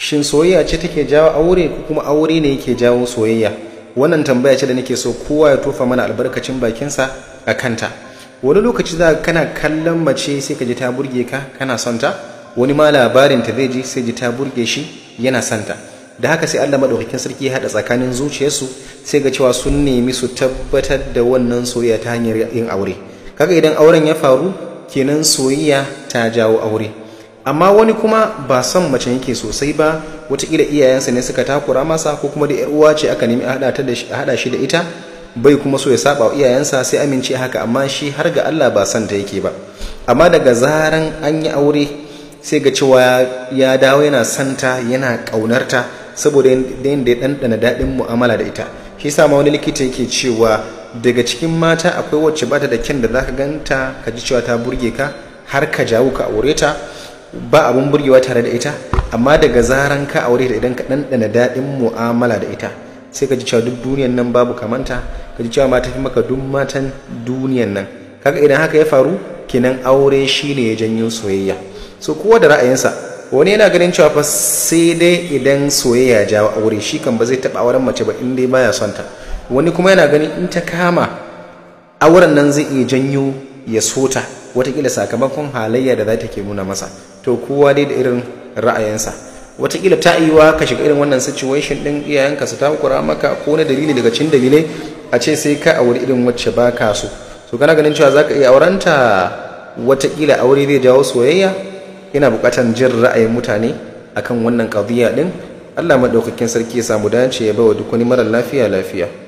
shin soyayya ce take jawo aure ko kuma aure ne yake jawo soyayya wannan tambaya ce da nake so kowa ya tofa mana albarkacin bakinsa a kanta wani lokaci za kana kallon mace sai ka ji ta burge ka kana son ta wani ma labarin ta zai ji sai ji ta burge shi yana son ta da haka sai Allah madaukakin sarki ya hada tsakanin zuciyarsu sai ga cewa sun nemi su tabbatar da wannan soyayya ta hanyar yin aure kaga idan auren ya faru kenan soyayya ta jawo aure amma wani kuma ba son mace yake sosai ba watakila iyayensa ne suka takura masa ko kuma da yar uwa ce aka nemi a haɗa shi da ita bai kuma so ya saba wa iyayensa sai amince haka amma shi har ga Allah ba son ta yake ba amma daga zaran an yi aure sai ga cewa ya dawo yana santa yana ta saboda yadda ya ɗanɗana daɗin mu'amala da ita shi yasa ma wani likita yake cewa daga cikin mata akwai wacce bata da kyan da za ka ganta ka ji cewa ta burge ka har ka jawo ka aure ta ba abun burgewa tare da ita amma daga zaran ka aure da idan ka ɗanɗana daɗin mu'amala da ita sai ka ji cewa duk duniyan nan babu kamanta ka ji cewa ma tafi maka duk matan duniyan nan kaga idan haka ya faru kenan aure shine ya janyo soyayya so kowa da ra'ayinsa wani yana ganin cewa fa sai dai idan soyayya ya jawo aure shi kan ba zai taɓa auren mace ba in dai baya son ta wani kuma yana ganin in ta kama auren nan zai iya janyo ya sota. watakila sakamakon halayya da za ta ke nuna masa to kowa dai da irin ra'ayinsa watakila ta wa ka shiga irin wannan situation din iyayenka su takura maka ko na dalili daga cin dalilai a ce sai ka auri irin wacce ba ka so to kana ganin cewa za ka iya aurenta watakila aure zai jawo soyayya yana buƙatar jin ra'ayin mutane akan wannan ƙadiyya din Allah maɗaukakin sarki ya samu dace ya wa duk wani mara lafiya lafiya